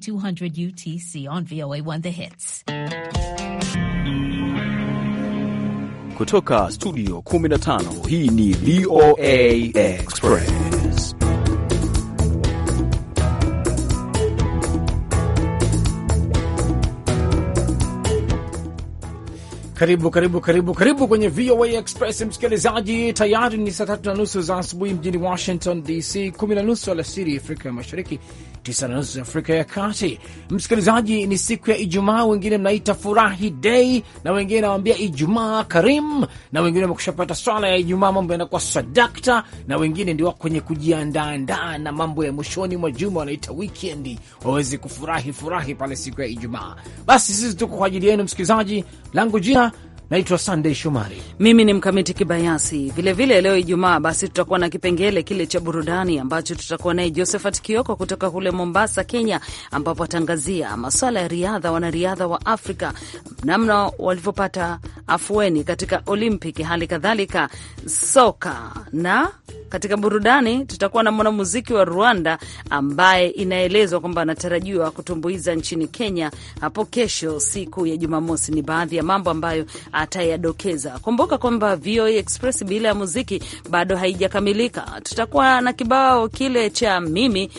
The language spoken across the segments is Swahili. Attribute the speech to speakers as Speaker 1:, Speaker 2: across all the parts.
Speaker 1: 200 UTC on VOA1 The Hits.
Speaker 2: Kutoka studio 15 hii ni VOA Express. Karibu
Speaker 3: karibu karibu karibu kwenye VOA Express msikilizaji, tayari ni saa tatu na nusu za asubuhi mjini Washington DC, kumi na nusu alasiri Afrika ya Mashariki tisa na nusu Afrika ya Kati. Msikilizaji, ni siku ya Ijumaa, wengine mnaita furahi dei na wengine nawambia Ijumaa karim, na wengine wamekushapata swala ya Ijumaa, mambo yanakuwa sadakta, na wengine ndio kwenye kujiandaandaa na mambo ya mwishoni mwa juma, wanaita wikendi, waweze kufurahi furahi pale siku ya Ijumaa. Basi sisi tuko kwa ajili yenu, msikilizaji. Langu jina Naitwa Sandey Shomari,
Speaker 1: mimi ni mkamiti kibayasi. Vilevile leo Ijumaa, basi tutakuwa na kipengele kile cha burudani ambacho tutakuwa naye Josephat Kioko kutoka kule Mombasa, Kenya, ambapo atangazia maswala ya riadha, wanariadha wa Afrika namna walivyopata afueni katika Olimpiki, hali kadhalika soka. Na katika burudani tutakuwa na mwanamuziki wa Rwanda ambaye inaelezwa kwamba anatarajiwa kutumbuiza nchini Kenya hapo kesho, siku ya Jumamosi. Ni baadhi ya mambo ambayo atayadokeza. Kumbuka kwamba VOA Express bila ya muziki bado haijakamilika. Tutakuwa na kibao kile cha mimi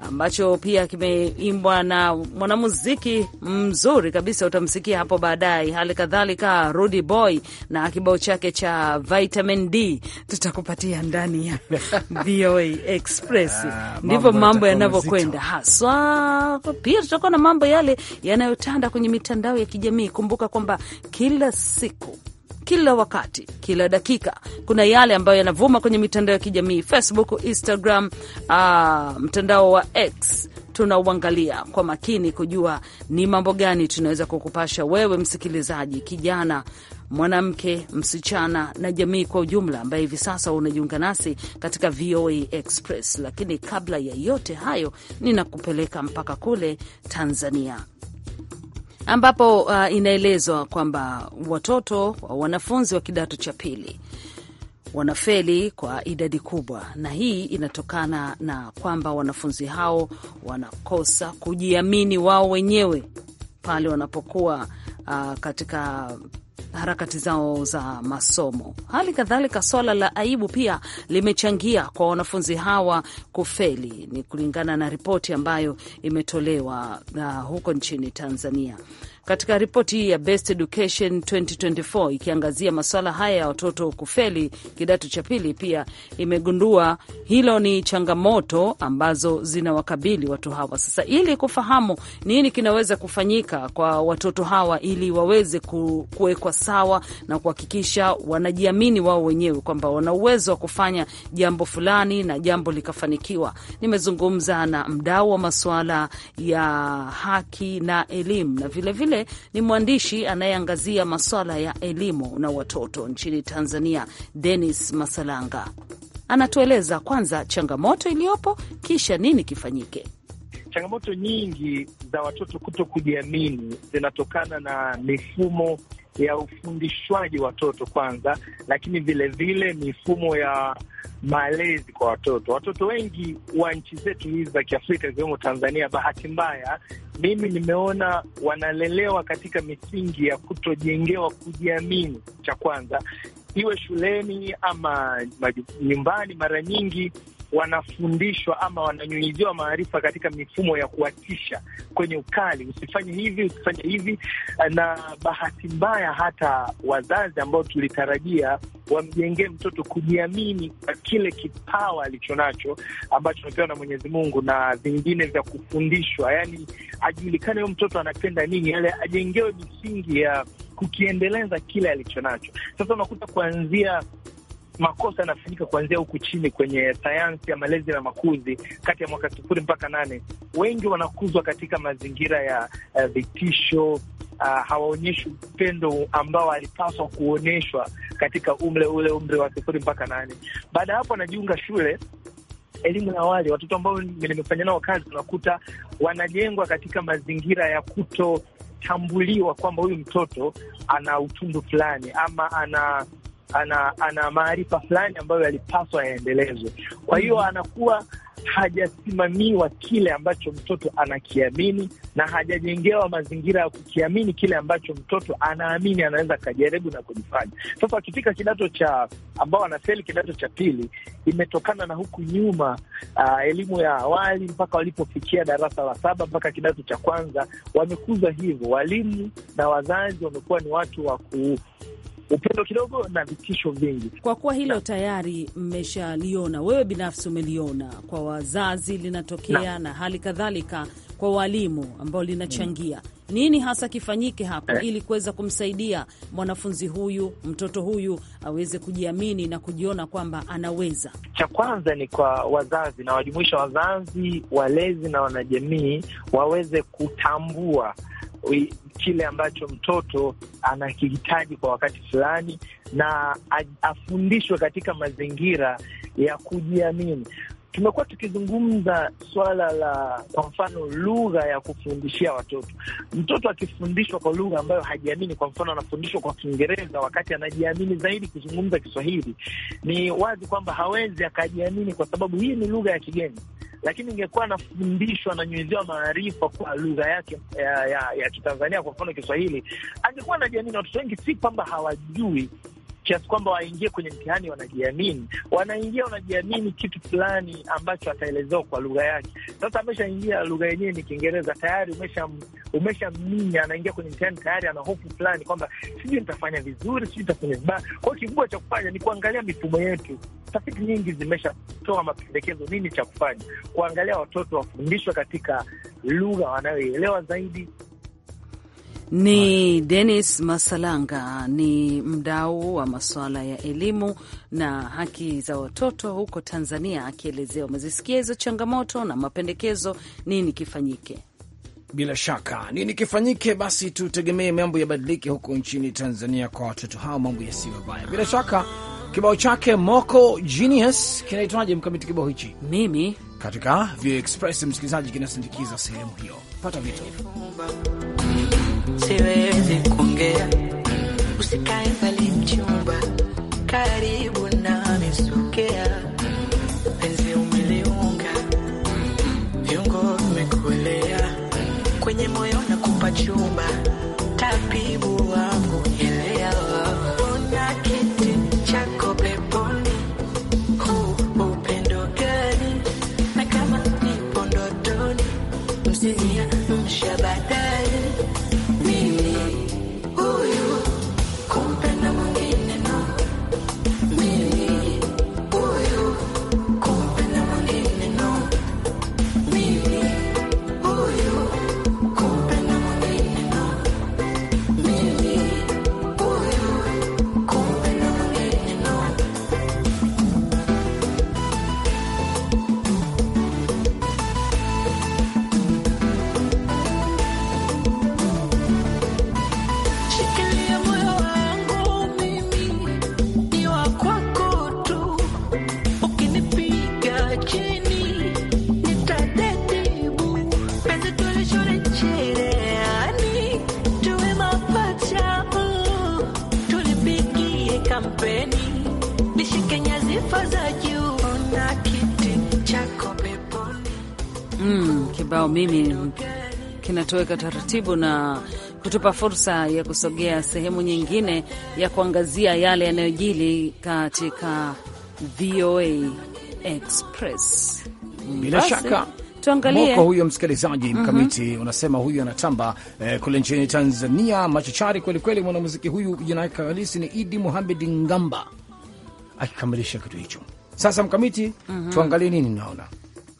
Speaker 1: ambacho pia kimeimbwa na mwanamuziki mzuri kabisa, utamsikia hapo baadaye. Hali kadhalika Rudy Boy na kibao chake cha Vitamin D tutakupatia ndani ya VOA Express. Ah, Ndivyo mambo yanavyokwenda haswa. Pia tutakuwa na mambo yale yanayotanda kwenye mitandao ya kijamii. Kumbuka kwamba kila siku kila wakati, kila dakika. Kuna yale ambayo yanavuma kwenye mitandao ya kijamii Facebook, Instagram, uh, mtandao wa X tunauangalia kwa makini kujua ni mambo gani tunaweza kukupasha wewe msikilizaji, kijana, mwanamke, msichana na jamii kwa ujumla, ambaye hivi sasa unajiunga nasi katika VOA Express. Lakini kabla ya yote hayo, ninakupeleka mpaka kule Tanzania, ambapo uh, inaelezwa kwamba watoto wa wanafunzi wa kidato cha pili wanafeli kwa idadi kubwa, na hii inatokana na kwamba wanafunzi hao wanakosa kujiamini wao wenyewe pale wanapokuwa uh, katika harakati zao za masomo. Hali kadhalika swala la aibu pia limechangia kwa wanafunzi hawa kufeli, ni kulingana na ripoti ambayo imetolewa uh, huko nchini Tanzania katika ripoti hii ya Best Education 2024 ikiangazia masuala haya ya watoto kufeli kidato cha pili, pia imegundua hilo ni changamoto ambazo zinawakabili watu hawa. Sasa ili kufahamu nini kinaweza kufanyika kwa watoto hawa ili waweze kuwekwa sawa na kuhakikisha wanajiamini wao wenyewe kwamba wana uwezo wa kufanya jambo fulani na jambo likafanikiwa, nimezungumza na mdau wa masuala ya haki na elimu na vilevile ni mwandishi anayeangazia masuala ya elimu na watoto nchini Tanzania. Denis Masalanga anatueleza kwanza changamoto iliyopo, kisha nini kifanyike.
Speaker 4: Changamoto nyingi za watoto kuto kujiamini zinatokana na mifumo ya ufundishwaji watoto kwanza, lakini vilevile mifumo ya malezi kwa watoto. Watoto wengi wa nchi zetu hizi za Kiafrika ikiwemo Tanzania, bahati mbaya mimi nimeona wanalelewa katika misingi ya kutojengewa kujiamini, cha kwanza iwe shuleni ama nyumbani. Mara nyingi wanafundishwa ama wananyunyiziwa maarifa katika mifumo ya kuwatisha kwenye ukali, usifanye hivi, usifanye hivi. Na bahati mbaya, hata wazazi ambao tulitarajia wamjengee mtoto kujiamini kwa kile kipawa alichonacho ambacho amepewa na Mwenyezi Mungu na vingine vya kufundishwa, yani ajulikane huyo mtoto anapenda nini, yale yaani ajengewe misingi ya kukiendeleza kile alichonacho. Sasa unakuta kuanzia makosa yanafanyika kuanzia huku chini kwenye sayansi ya malezi na makuzi, kati ya mwaka sufuri mpaka nane. Wengi wanakuzwa katika mazingira ya eh, vitisho uh, hawaonyeshi upendo ambao alipaswa kuonyeshwa katika umle ule umri wa sufuri mpaka nane. Baada ya hapo wanajiunga shule elimu ya awali. Watoto ambao nimefanya nao kazi, unakuta wanajengwa katika mazingira ya kutotambuliwa kwamba huyu mtoto ana utundu fulani ama ana ana, ana maarifa fulani ambayo yalipaswa yaendelezwe. Kwa hiyo mm-hmm. anakuwa hajasimamiwa kile ambacho mtoto anakiamini na hajajengewa mazingira ya kukiamini kile ambacho mtoto anaamini anaweza akajaribu na kujifanya. Sasa akifika kidato cha ambao anafeli kidato cha pili, imetokana na huku nyuma uh, elimu ya awali mpaka walipofikia darasa la saba mpaka kidato cha kwanza, wamekuza hivyo. Walimu na wazazi wamekuwa ni watu wa ku upendo kidogo na vitisho vingi.
Speaker 1: Kwa kuwa hilo na tayari mmeshaliona, wewe binafsi umeliona kwa wazazi linatokea na, na hali kadhalika kwa walimu ambao linachangia hmm. Nini hasa kifanyike hapo eh, ili kuweza kumsaidia mwanafunzi huyu mtoto huyu aweze kujiamini na kujiona kwamba anaweza?
Speaker 4: Cha kwanza ni kwa wazazi na wajumuisha wazazi, walezi na wanajamii waweze kutambua kile ambacho mtoto anakihitaji kwa wakati fulani, na afundishwe katika mazingira ya kujiamini. Tumekuwa tukizungumza swala la kwa mfano lugha ya kufundishia watoto. Mtoto akifundishwa kwa lugha ambayo hajiamini, kwa mfano anafundishwa kwa Kiingereza wakati anajiamini zaidi kuzungumza Kiswahili, ni wazi kwamba hawezi akajiamini, kwa sababu hii ni lugha ya kigeni lakini ingekuwa anafundishwa ananyueziwa maarifa kwa lugha yake ya, eh, ya, ya Kitanzania, kwa mfano Kiswahili, angekuwa anajiamini. Watoto wengi si kwamba hawajui kiasi kwamba waingie kwenye mtihani wanajiamini, wanaingia wanajiamini kitu fulani ambacho ataelezewa kwa lugha yake. Sasa ameshaingia, lugha yenyewe ni Kiingereza, tayari umeshamminya, anaingia kwenye mtihani tayari ana hofu fulani kwamba sijui nitafanya vizuri, sijui nitafanya vibaya. Kwao kikubwa cha kufanya ni kuangalia mifumo yetu. Tafiti nyingi zimeshatoa mapendekezo nini cha kufanya, kuangalia watoto wafundishwe katika lugha wanayoielewa zaidi
Speaker 1: ni Dennis Masalanga, ni mdau wa masuala ya elimu na haki za watoto huko Tanzania, akielezea umezisikia hizo changamoto na mapendekezo, nini kifanyike.
Speaker 3: Bila shaka nini kifanyike, basi tutegemee mambo yabadilike huko nchini Tanzania kwa watoto hao, mambo yasiyo baya. Bila shaka kibao chake Moko Genius kinaitwaje, mkamiti kibao hichi mimi katika Vio Express msikilizaji, kinasindikiza sehemu hiyo, pata vitu
Speaker 5: siwezi kuongea. Usikae mbali mchumba, karibu nami sogea. Penzi umeliunga viungo vimekolea, kwenye moyo nakupa chumba, tabibu wangu
Speaker 1: Mm, kibao mimi kinatoweka taratibu na kutupa fursa ya kusogea sehemu nyingine ya kuangazia yale yanayojili katika VOA Express. Bila shaka tuangalie huyo
Speaker 3: msikilizaji mhm. mkamiti. mm -hmm. Unasema huyu anatamba eh, kule nchini Tanzania, machachari kwelikweli. Mwanamuziki huyu jina lake halisi ni Idi Muhamedi Ngamba akikamilisha kitu hicho. Sasa mkamiti, mm -hmm. tuangalie nini naona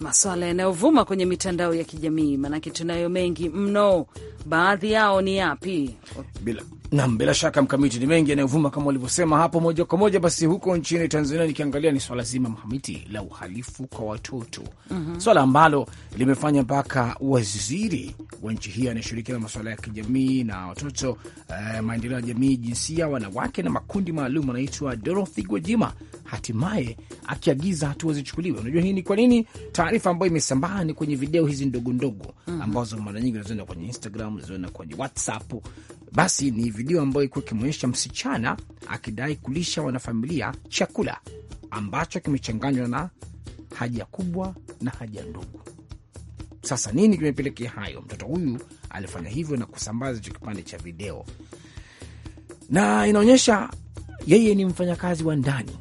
Speaker 1: maswala yanayovuma kwenye mitandao ya kijamii, maanake tunayo mengi mno. Baadhi yao ni yapi?
Speaker 3: Bila, Nam, bila shaka mkamiti, ni mengi yanayovuma kama ulivyosema hapo. Moja kwa moja basi huko nchini Tanzania, nikiangalia ni swala zima mkamiti la uhalifu kwa watoto mm -hmm. swala ambalo limefanya mpaka waziri wa nchi hii anayeshirikiana na masuala ya kijamii na watoto eh, maendeleo ya jamii, jinsia, wanawake na makundi maalum anaitwa Dorothy Gwajima hatimaye akiagiza hatua zichukuliwe. Unajua hii ni kwa nini? Taarifa ambayo imesambaa ni kwenye video hizi ndogo ndogo mhm. ambazo mara nyingi unaziona kwenye Instagram, unaziona kwenye WhatsApp basi ni video ambayo ilikuwa ikimwonyesha msichana akidai kulisha wanafamilia chakula ambacho kimechanganywa na haja kubwa na haja ndogo. Sasa nini kimepelekea hayo? Mtoto huyu alifanya hivyo na kusambaza hicho kipande cha video, na inaonyesha yeye ni mfanyakazi wa ndani,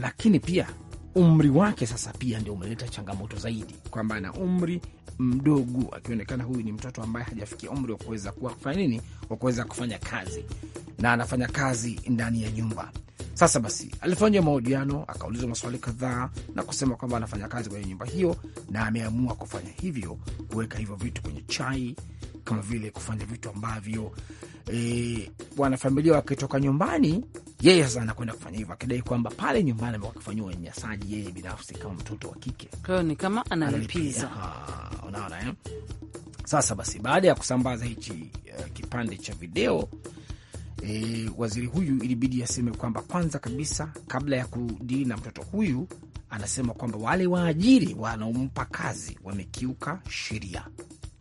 Speaker 3: lakini pia umri wake sasa pia ndio umeleta changamoto zaidi, kwamba ana umri mdogo, akionekana huyu ni mtoto ambaye hajafikia umri wa kuweza kuwa kufanya nini, wa kuweza kufanya kazi, na anafanya kazi ndani ya nyumba. Sasa basi, alifanya mahojiano, akaulizwa maswali kadhaa na kusema kwamba anafanya kazi kwenye nyumba hiyo na ameamua kufanya hivyo, kuweka hivyo vitu kwenye chai kama vile kufanya vitu ambavyo e, wanafamilia wakitoka nyumbani, yeye sasa anakwenda kufanya hivyo, akidai kwamba pale nyumbani amekuwa akifanyiwa unyanyasaji yeye binafsi kama mtoto wa kike.
Speaker 1: Kwa hiyo ni kama analipiza,
Speaker 3: unaona eh? Sasa basi, baada ya kusambaza hichi uh, kipande cha video e, waziri huyu ilibidi aseme kwamba kwanza kabisa, kabla ya kudili na mtoto huyu, anasema kwamba wale waajiri wanaompa kazi wamekiuka sheria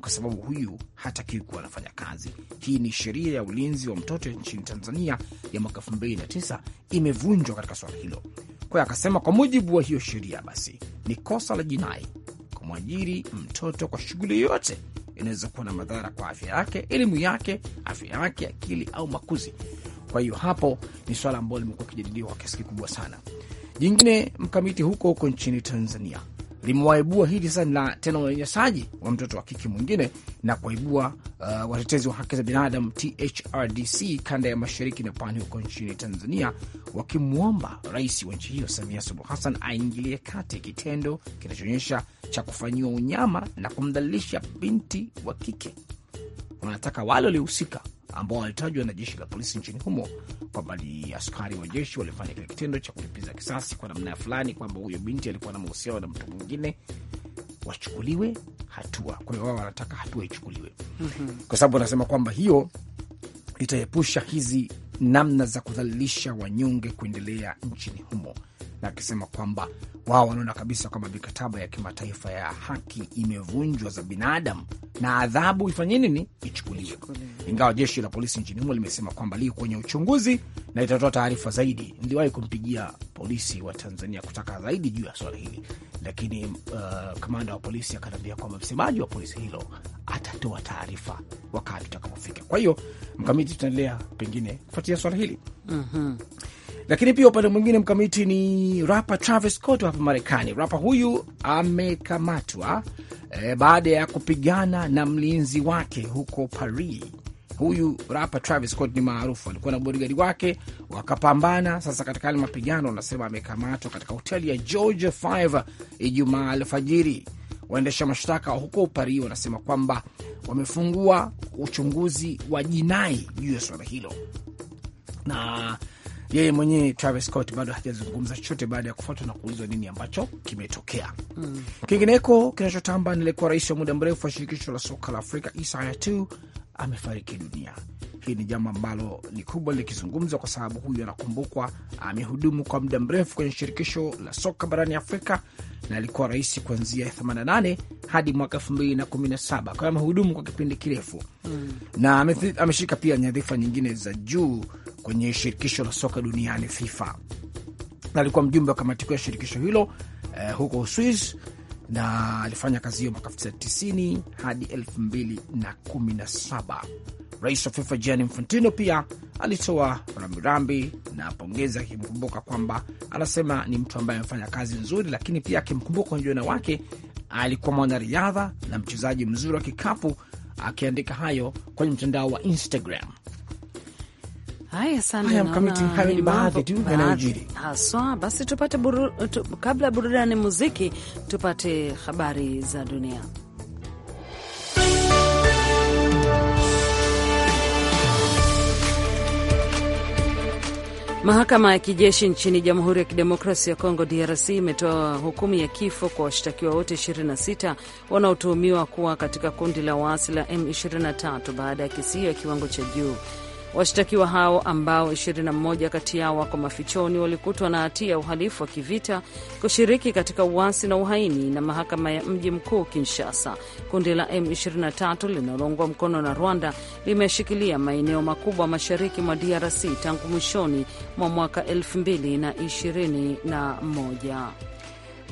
Speaker 3: kwa sababu huyu hatakiwi kuwa anafanya kazi. Hii ni sheria ya ulinzi wa mtoto nchini Tanzania ya mwaka 2009 imevunjwa katika swala hilo. Kwa hiyo akasema, kwa mujibu wa hiyo sheria, basi ni kosa la jinai kumwajiri mtoto kwa shughuli yoyote inaweza kuwa na madhara kwa afya yake, elimu yake, afya yake, akili au makuzi. Kwa hiyo hapo ni swala ambalo limekuwa kijadiliwa kwa kiasi kikubwa sana. Jingine mkamiti, huko huko nchini Tanzania, limewaibua hili sasa la tena unyanyasaji wa mtoto wa kike mwingine na kuwaibua uh, watetezi wa haki za binadamu THRDC kanda ya mashariki na pwani huko nchini Tanzania, wakimwomba rais wa nchi hiyo Samia Suluhu Hassan aingilie kati kitendo kinachoonyesha cha kufanyiwa unyama na kumdhalilisha binti wa kike wanataka wale waliohusika ambao walitajwa na jeshi la polisi nchini humo kwamba ni askari wa jeshi walifanya kile kitendo cha kulipiza kisasi kwa namna fulani, kwamba huyo binti alikuwa na mahusiano na mtu mwingine, wachukuliwe hatua. Kwa hiyo wao wanataka hatua ichukuliwe, mhm. kwa sababu wanasema kwamba hiyo itaepusha hizi namna za kudhalilisha wanyonge kuendelea nchini humo na akisema kwamba wao wanaona kabisa kwamba mikataba ya kimataifa ya haki imevunjwa za binadamu na adhabu ifanye nini, ichukuliwe. Ingawa jeshi la polisi nchini humo limesema kwamba liko kwenye uchunguzi na itatoa taarifa zaidi. Niliwahi kumpigia polisi wa Tanzania kutaka zaidi juu ya swala hili, lakini uh, kamanda wa polisi akaniambia kwamba msemaji wa polisi hilo atatoa taarifa wakati utakapofika. Kwa hiyo mkamiti, tutaendelea pengine kufuatia swala hili mm -hmm. Lakini pia upande mwingine mkamiti ni rapa Travis Scott hapa Marekani. Rapa huyu amekamatwa e, baada ya kupigana na mlinzi wake huko Paris. Huyu rapa Travis Scott ni maarufu, alikuwa na bodigadi wake wakapambana. Sasa katika yale mapigano, wanasema amekamatwa katika hoteli ya George Five Ijumaa alfajiri. Waendesha mashtaka huko Paris wanasema kwamba wamefungua uchunguzi wa jinai juu ya swala hilo na yeye mwenyewe Travis Scott bado hajazungumza chochote baada ya kufuatwa na kuulizwa nini ambacho kimetokea. Mm. Kingineko kinachotamba nilikuwa rais wa muda mrefu wa shirikisho la soka la Afrika Isaya 2 amefariki dunia. Hii ni jambo ambalo ni kubwa likizungumzwa, kwa sababu huyu anakumbukwa, amehudumu kwa muda mrefu kwenye shirikisho la soka barani Afrika na alikuwa rais kuanzia 88 hadi mwaka 2017. Kwa hiyo amehudumu kwa kipindi kirefu mm, na ameshika pia nyadhifa nyingine za juu kwenye shirikisho la soka duniani FIFA, na alikuwa mjumbe wa kamati kuu ya shirikisho hilo eh, huko Uswis na alifanya kazi hiyo mwaka 1990 hadi 2017. Rais wa FIFA Gianni Infantino pia alitoa rambirambi na pongezi, akimkumbuka kwamba anasema ni mtu ambaye amefanya kazi nzuri, lakini pia akimkumbuka kwenye ujana wake alikuwa mwanariadha na mchezaji mzuri wa kikapu, akiandika hayo kwenye mtandao wa Instagram.
Speaker 1: Haya, sana mkamiti. Hayo ni baadhi tu yanayojiri haswa. Basi tupate buru, tu, kabla ya burudani muziki, tupate habari za dunia. Mahakama ya kijeshi nchini Jamhuri ya Kidemokrasi ya Kongo, DRC, imetoa hukumu ya kifo kwa washtakiwa wote 26 wanaotuhumiwa kuwa katika kundi la waasi la M23 baada ya kisio ya kiwango cha juu Washtakiwa hao ambao 21 kati yao wako mafichoni walikutwa na hatia ya uhalifu wa kivita, kushiriki katika uasi na uhaini na mahakama ya mji mkuu Kinshasa. Kundi la M23 linaloungwa mkono na Rwanda limeshikilia maeneo makubwa mashariki mwa DRC tangu mwishoni mwa mwaka 2021.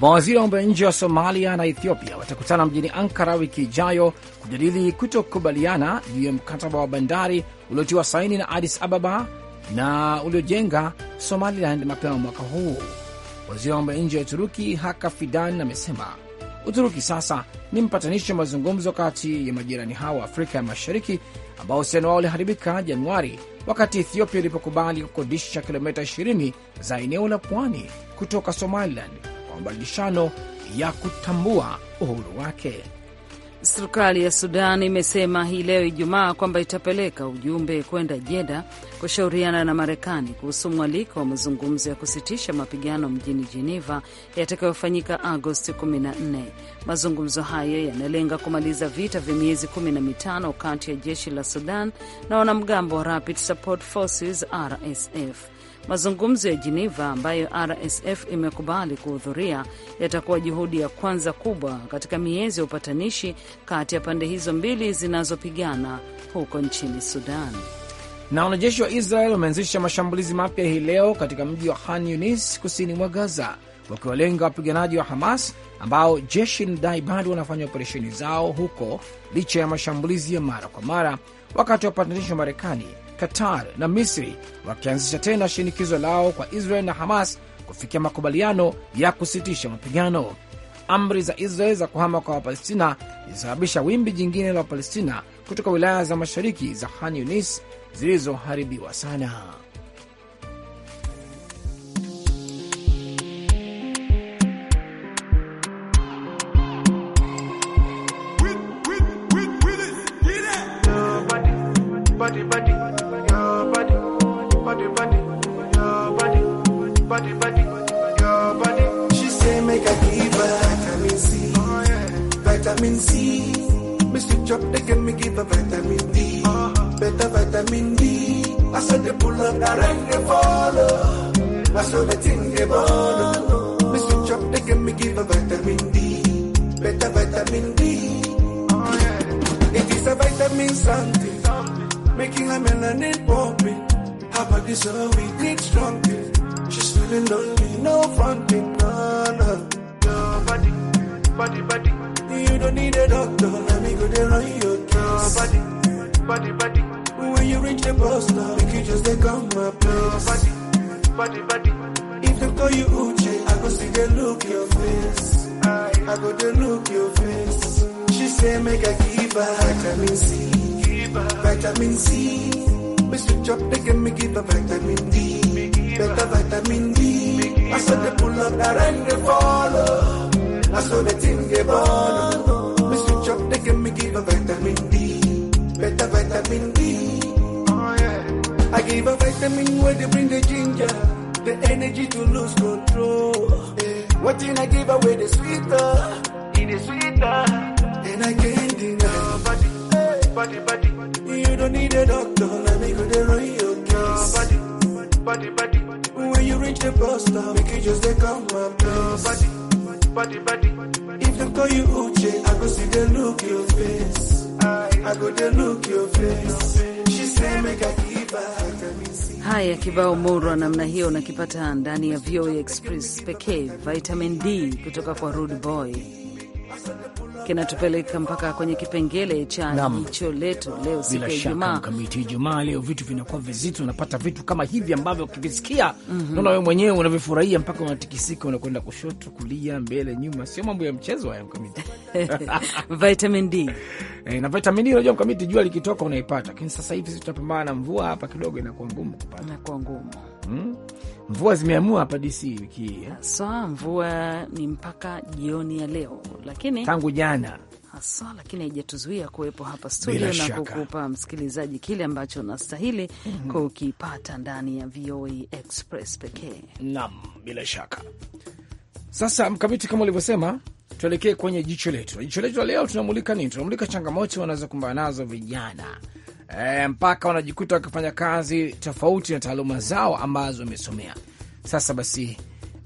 Speaker 3: Mawaziri wa mambo ya nje wa Somalia na Ethiopia watakutana mjini Ankara wiki ijayo kujadili kutokubaliana juu ya mkataba wa bandari uliotiwa saini na adis Ababa na uliojenga Somaliland mapema mwaka huu. Waziri wa mambo ya nje ya Uturuki Haka Fidan amesema Uturuki sasa ni mpatanishi wa mazungumzo kati ya majirani hao wa Afrika ya Mashariki ambao uhusiano wao uliharibika Januari wakati Ethiopia ilipokubali kukodisha kilomita 20 za eneo la pwani kutoka Somaliland kwa mabadilishano ya kutambua uhuru wake.
Speaker 1: Serikali ya Sudan imesema hii leo Ijumaa kwamba itapeleka ujumbe kwenda Jeda kushauriana na Marekani kuhusu mwaliko wa mazungumzo ya kusitisha mapigano mjini Jeneva yatakayofanyika Agosti 14. Mazungumzo hayo yanalenga kumaliza vita vya miezi 15 kati ya jeshi la Sudan na wanamgambo wa Rapid Support Forces RSF. Mazungumzo ya jeneva ambayo RSF imekubali kuhudhuria yatakuwa juhudi ya kwanza kubwa katika miezi ya upatanishi kati ya pande hizo mbili zinazopigana
Speaker 3: huko nchini Sudan. Na wanajeshi wa Israel wameanzisha mashambulizi mapya hii leo katika mji wa Khan Yunis kusini mwa Gaza, wakiwalenga wapiganaji wa Hamas ambao jeshi linadai bado wanafanya operesheni zao huko licha ya mashambulizi ya mara kwa mara, wakati wa upatanishi wa Marekani Qatar na Misri wakianzisha tena shinikizo lao kwa Israel na Hamas kufikia makubaliano ya kusitisha mapigano. Amri za Israel za kuhama kwa Wapalestina zilisababisha wimbi jingine la Wapalestina kutoka wilaya za mashariki za Khan Yunis zilizoharibiwa sana.
Speaker 5: Body, body. She say make I give vitamin C, oh, vitamin C. Mr. Chop, uh-huh. they can me give her vitamin D, better vitamin D. I said they pull up, I rang they follow. I saw the thing they follow. Mr. Chop, they can me give her vitamin D, better vitamin D. It is a vitamin something, something. making her melanin poppy. How about this? Oh, we need strong things be lonely, no fronting, no, no. Your body, body, body. You don't need a doctor, let me go there on your case. Your body, body, body. When you reach the bus stop, make you just take on my place. Your body, body, body. If they call you Uche, I go see the look your face. I, I go they look your face. She say make a give her vitamin C, give her vitamin C. Me switch up, they can me give her vitamin D, better vitamin D. So they pull up the rain, they follow. I saw the thing they born. Me switch up, they give me give a vitamin D. Better vitamin D. Oh, yeah. I give a vitamin where they bring the ginger. The energy to lose control. Yeah. What did I give away the sweeter? the sweeter. And I can't deny. Oh, body, hey. body, body. You don't need a doctor. Let me go the royal case. Oh, body, body, body. reach the bus stop, make you just take out my blouse. Body, body, body. If them call you Uche, I go see the look your face. I go the look your face. She say make I keep her.
Speaker 1: Haya, kibao murwa namna hiyo unakipata ndani ya VOA e Express pekee, Vitamin D kutoka kwa Rude Boy kinatupeleka mpaka kwenye kipengele cha jicho letu leo, siku ya Ijumaa.
Speaker 3: Mkamiti Ijumaa leo vitu vinakuwa vizito, unapata vitu kama hivi ambavyo ukivisikia mm -hmm. naona wewe mwenyewe unavifurahia mpaka unatikisika, unakwenda kushoto, kulia, mbele, nyuma. Sio mambo ya mchezo haya Mkamiti. Vitamin D e, na vitamin D unajua Mkamiti, jua likitoka unaipata, lakini sasa hivi tunapambana na mvua hapa kidogo inakuwa ngumu kupata, inakuwa ngumu mm? Mvua zimeamua hapa DC wiki hii eh? haswa, mvua ni mpaka jioni
Speaker 1: ya leo, lakini tangu jana haswa, lakini haijatuzuia kuwepo hapa studio na kukupa msikilizaji kile ambacho unastahili mm -hmm. kukipata ndani ya VOA
Speaker 3: Express pekee. Naam, bila shaka. Sasa mkamiti, kama ulivyosema, tuelekee kwenye jicho letu. Jicho letu la leo tunamulika nini? Tunamulika changamoto wanazokumbana nazo vijana e, mpaka wanajikuta wakifanya kazi tofauti na taaluma zao ambazo wamesomea. Sasa basi,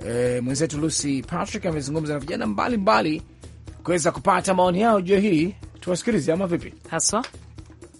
Speaker 3: e, mwenzetu Lucy Patrick amezungumza na vijana mbalimbali kuweza kupata maoni yao juu hii, tuwasikilize ama vipi haswa?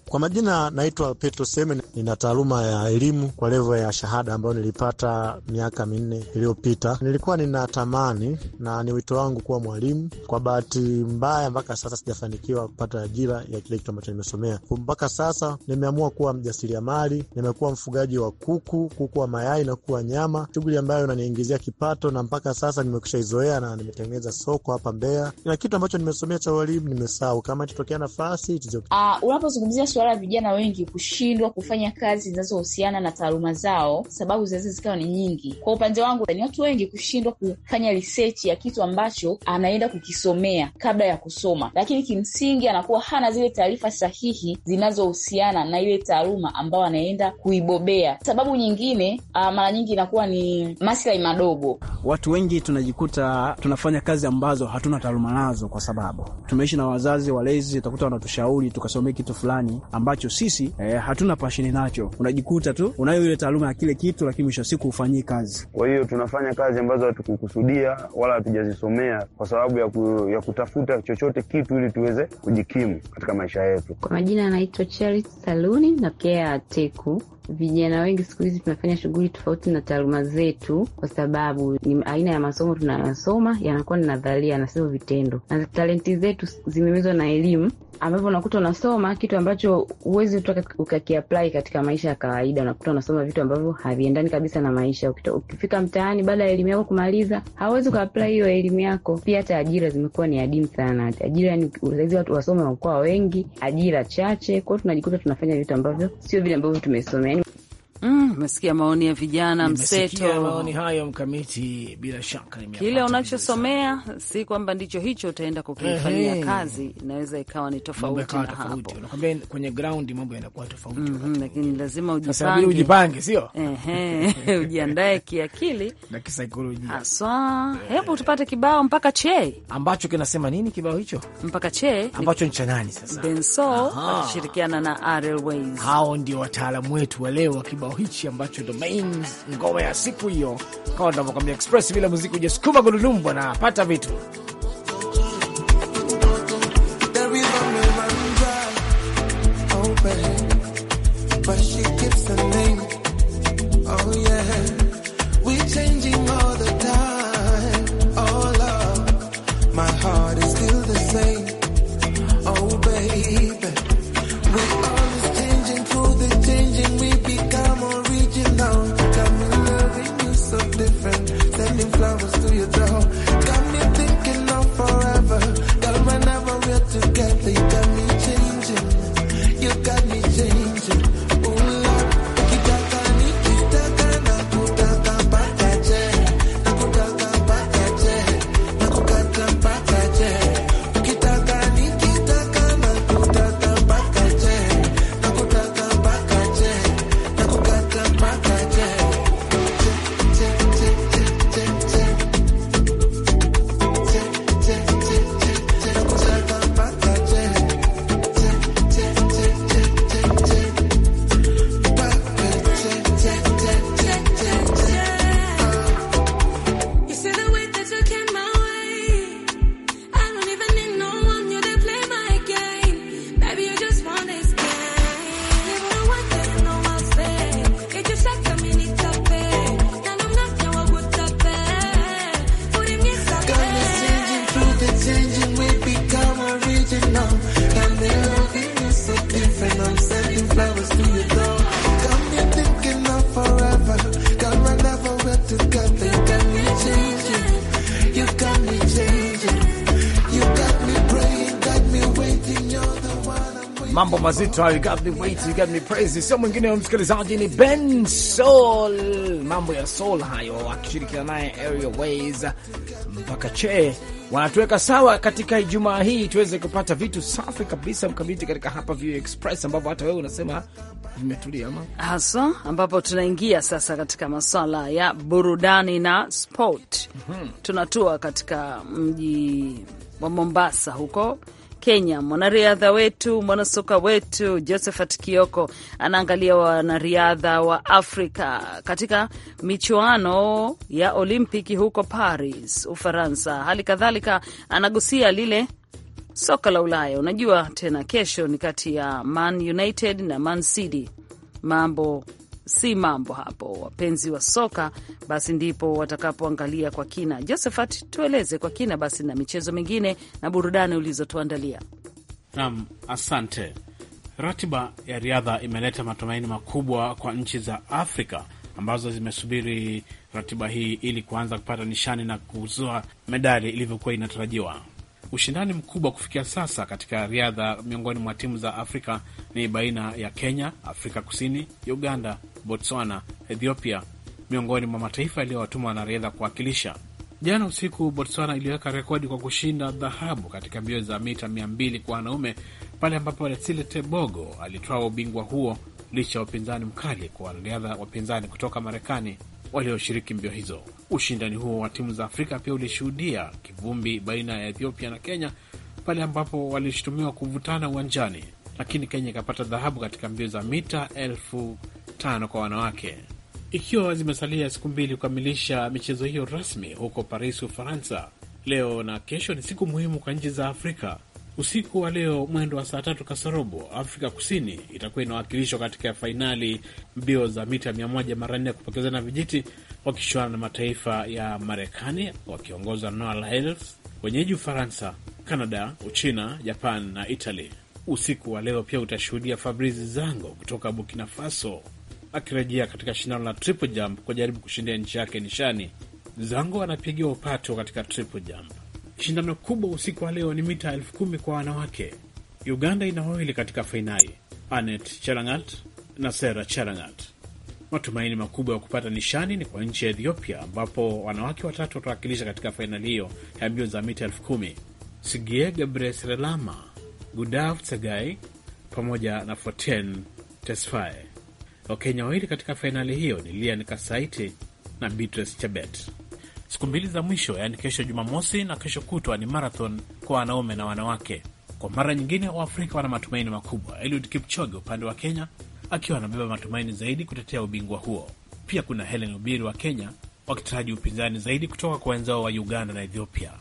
Speaker 4: Kwa majina naitwa Petro seme nina taaluma ya elimu kwa levo ya shahada ambayo nilipata miaka minne iliyopita. Nilikuwa nina tamani na ni wito wangu kuwa mwalimu. Kwa bahati mbaya, mpaka sasa sijafanikiwa kupata ajira ya kile kitu ambacho nimesomea. Mpaka sasa nimeamua kuwa mjasiriamali, nimekuwa mfugaji wa kuku, kuku wa mayai na kuku wa nyama, shughuli ambayo inaniingizia kipato, na mpaka sasa nimekwisha izoea na nimetengeneza soko hapa Mbeya, na kitu ambacho nimesomea cha ualimu nimesahau. Kama itotokea nafasi
Speaker 1: ah, unapozungumzia suala la vijana wengi kushindwa kufanya kazi zinazohusiana na taaluma zao, sababu zinaweza zikawa ni nyingi. Kwa upande wangu, ni watu wengi kushindwa kufanya research ya kitu ambacho anaenda kukisomea kabla ya kusoma, lakini kimsingi anakuwa hana zile taarifa sahihi zinazohusiana na ile taaluma ambayo anaenda kuibobea. Sababu nyingine ah, mara
Speaker 4: nyingi inakuwa ni maslahi
Speaker 2: madogo. Watu wengi tunajikuta tunafanya kazi ambazo hatuna taaluma nazo, kwa sababu tumeishi na wazazi walezi, utakuta wanatushauri tukasomee kitu fulani, ambacho sisi eh, hatuna pasheni nacho. Unajikuta tu unayo ile taaluma ya kile kitu, lakini mwisho wa siku hufanyii kazi.
Speaker 4: Kwa hiyo tunafanya kazi ambazo hatukukusudia wala hatujazisomea kwa sababu ya, ku, ya kutafuta chochote kitu ili tuweze kujikimu katika maisha yetu. Kwa
Speaker 2: majina anaitwa
Speaker 1: Charity Saluni na pia Teku Vijana wengi siku hizi tunafanya shughuli tofauti na taaluma zetu, kwa sababu ni aina ya masomo tunayosoma yanakuwa ni nadharia na sio vitendo, na talenti zetu zimemezwa na elimu ambapo unakuta unasoma kitu ambacho huwezi ukakiapply katika maisha ya kawaida. Unakuta unasoma vitu ambavyo haviendani kabisa na maisha. Ukifika mtaani baada ya elimu yako kumaliza, hawezi ukaapply hiyo elimu yako. Pia hata ajira zimekuwa ni adimu sana, ajira yani, saizi watu wasome wakuwa wengi, ajira chache kwao, tunajikuta tunafanya vitu ambavyo sio vile ambavyo tumesomea. Mm, umesikia mm, maoni ya vijana mseto, maoni hayo
Speaker 3: mkamiti. Bila shaka kile
Speaker 1: unachosomea si kwamba ndicho hicho utaenda kukifanyia kazi,
Speaker 3: inaweza ikawa
Speaker 1: ni tofauti na hapo.
Speaker 3: Nakwambia kwenye
Speaker 1: ground mambo yanakuwa tofauti, mhm, lakini lazima ujipange, ujipange, sio ujiandae kiakili na kisaikolojia haswa. Hebu tupate kibao mpaka che
Speaker 3: ambacho kinasema nini? Kibao hicho mpaka che ambacho ni cha nani sasa? Benso akishirikiana na Arelways. Hao ndio wataalamu wetu wa leo wa kibao hichi ambacho domain ngoma ya siku hiyo, kama tunavyokwambia express, bila muziki hujasukuma gurudumu bwana, pata vitu mazito hayo, you got me wait, you got me praise. Sio mwingine wa msikilizaji ni Ben Soul, mambo ya soul hayo, akishirikiana naye Area Ways mpaka che wanatuweka sawa katika Ijumaa hii tuweze kupata vitu safi kabisa mkabiti katika hapa View Express, ambapo hata wewe unasema vimetulia ama hasa, ambapo tunaingia sasa katika maswala
Speaker 1: ya burudani na sport. Mm -hmm. Tunatua katika mji wa Mombasa huko Kenya, mwanariadha wetu mwanasoka wetu Josephat Kioko anaangalia wanariadha wa Afrika katika michuano ya Olimpiki huko Paris, Ufaransa. Hali kadhalika anagusia lile soka la Ulaya. Unajua tena kesho ni kati ya Man United na Man City, mambo si mambo hapo. Wapenzi wa soka basi ndipo watakapoangalia kwa kina. Josephat, tueleze kwa kina basi na michezo mingine na burudani ulizotuandalia.
Speaker 2: Naam, asante. Ratiba ya riadha imeleta matumaini makubwa kwa nchi za Afrika ambazo zimesubiri ratiba hii ili kuanza kupata nishani na kuzua medali ilivyokuwa inatarajiwa. Ushindani mkubwa kufikia sasa katika riadha miongoni mwa timu za Afrika ni baina ya Kenya, Afrika Kusini, Uganda, Botswana, Ethiopia, miongoni mwa mataifa yaliyowatuma wanariadha kuwakilisha. Jana usiku, Botswana iliweka rekodi kwa kushinda dhahabu katika mbio za mita 200 kwa wanaume pale ambapo Letsile Tebogo alitoa ubingwa huo licha ya upinzani mkali kwa wanariadha wapinzani kutoka Marekani walioshiriki mbio hizo. Ushindani huo wa timu za Afrika pia ulishuhudia kivumbi baina ya Ethiopia na Kenya pale ambapo walishutumiwa kuvutana uwanjani, lakini Kenya ikapata dhahabu katika mbio za mita elfu tano kwa wanawake, ikiwa zimesalia siku mbili kukamilisha michezo hiyo rasmi huko Paris, Ufaransa. Leo na kesho ni siku muhimu kwa nchi za Afrika Usiku wa leo mwendo wa saa tatu kasorobo Afrika Kusini itakuwa inawakilishwa katika fainali mbio za mita mia moja mara nne ya kupokezana vijiti, wakishuana na mataifa ya Marekani wakiongozwa na Noah Lyles, wenyeji Ufaransa, canada Uchina, Japan na Italy. Usiku wa leo pia utashuhudia Fabrizi Zango kutoka Burkina Faso akirejea katika shindano la triple jump kujaribu kushindia nchi yake nishani. Zango anapigiwa upato katika triple jump. Shindano kubwa usiku wa leo ni mita elfu kumi kwa wanawake. Uganda ina wawili katika fainali, Anet Chelangat na Sera Chelangat. Matumaini makubwa ya kupata nishani ni kwa nchi ya Ethiopia, ambapo wanawake watatu watawakilisha katika fainali hiyo ya mbio za mita elfu kumi Sigie Gebreselama, Gudav Tsegai pamoja na Foten Tesfaye. Wakenya wawili katika fainali hiyo ni Lian Kasaiti na Beatrice Chebet. Siku mbili za mwisho, yaani kesho Jumamosi na kesho kutwa, ni marathon kwa wanaume na wanawake. Kwa mara nyingine, Waafrika wana matumaini makubwa. Eliud Kipchoge upande wa Kenya akiwa anabeba matumaini zaidi kutetea ubingwa huo. Pia kuna Helen Obiri wa Kenya wakitaraji upinzani zaidi kutoka kwa wenzao wa Uganda na Ethiopia.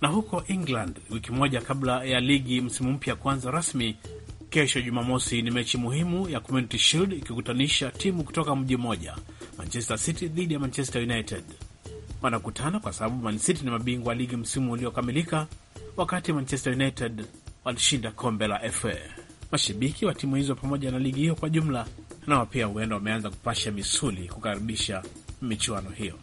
Speaker 2: Na huko England, wiki moja kabla ya ligi msimu mpya kuanza rasmi, kesho Jumamosi ni mechi muhimu ya Community Shield ikikutanisha timu kutoka mji mmoja, Manchester City dhidi ya Manchester United wanakutana kwa sababu Man City ni mabingwa wa ligi msimu uliokamilika, wakati Manchester United walishinda kombe la FA. Mashabiki wa timu hizo pamoja na ligi hiyo kwa jumla, nao pia huenda wameanza kupasha misuli kukaribisha michuano hiyo.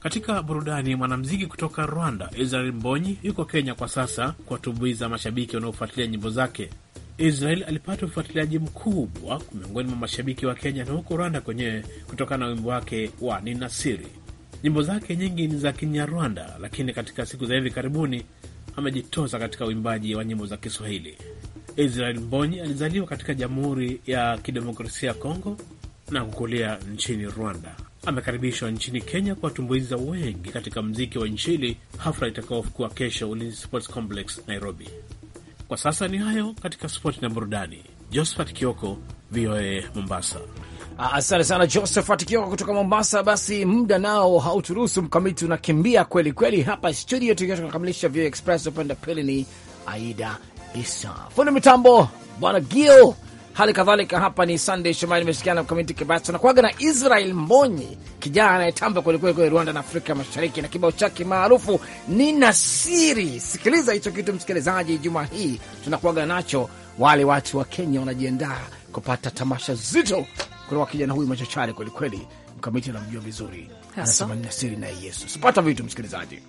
Speaker 2: Katika burudani, mwanamziki kutoka Rwanda Israel Mbonyi yuko Kenya kwa sasa kuwatumbuiza mashabiki wanaofuatilia nyimbo zake. Israel alipata ufuatiliaji mkubwa miongoni mwa mashabiki wa Kenya na huko Rwanda kwenyewe kutokana na wimbo wake wa Ninasiri. Nyimbo zake nyingi ni za Kinyarwanda, lakini katika siku za hivi karibuni amejitoza katika uimbaji wa nyimbo za Kiswahili. Israel Mbonyi alizaliwa katika Jamhuri ya Kidemokrasia ya Kongo na kukulia nchini Rwanda. Amekaribishwa nchini Kenya kuwatumbuiza wengi katika mziki wa Injili, hafla itakaokuwa kesho Ulinzi Sports Complex, Nairobi. Kwa sasa ni hayo katika spoti na burudani. Josephat Kioko, VOA Mombasa. Ah, asante sana Josephat Kioko kutoka Mombasa.
Speaker 3: Basi muda nao hauturuhusu, Mkamiti unakimbia kweli kweli hapa studio, tukiwa tunakamilisha Vio Express. Upande pili ni Aida Isa, fundi mitambo Bwana Gil, hali kadhalika hapa ni Sunday Shomari, nimeshirikiana na Mkamiti Kibasi. Tunakuaga na Israel Mbonyi, kijana anayetamba kwelikweli kwenye Rwanda na Afrika Mashariki, na kibao chake maarufu ni Nasiri. Sikiliza hicho kitu msikilizaji, juma hii tunakuaga nacho. Wale watu wa Kenya wanajiandaa kupata tamasha zito kutoka kijana huyu machachari kwelikweli. Mkamiti anamjua vizuri, anasema nina siri naye Yesu. Sipata vitu msikilizaji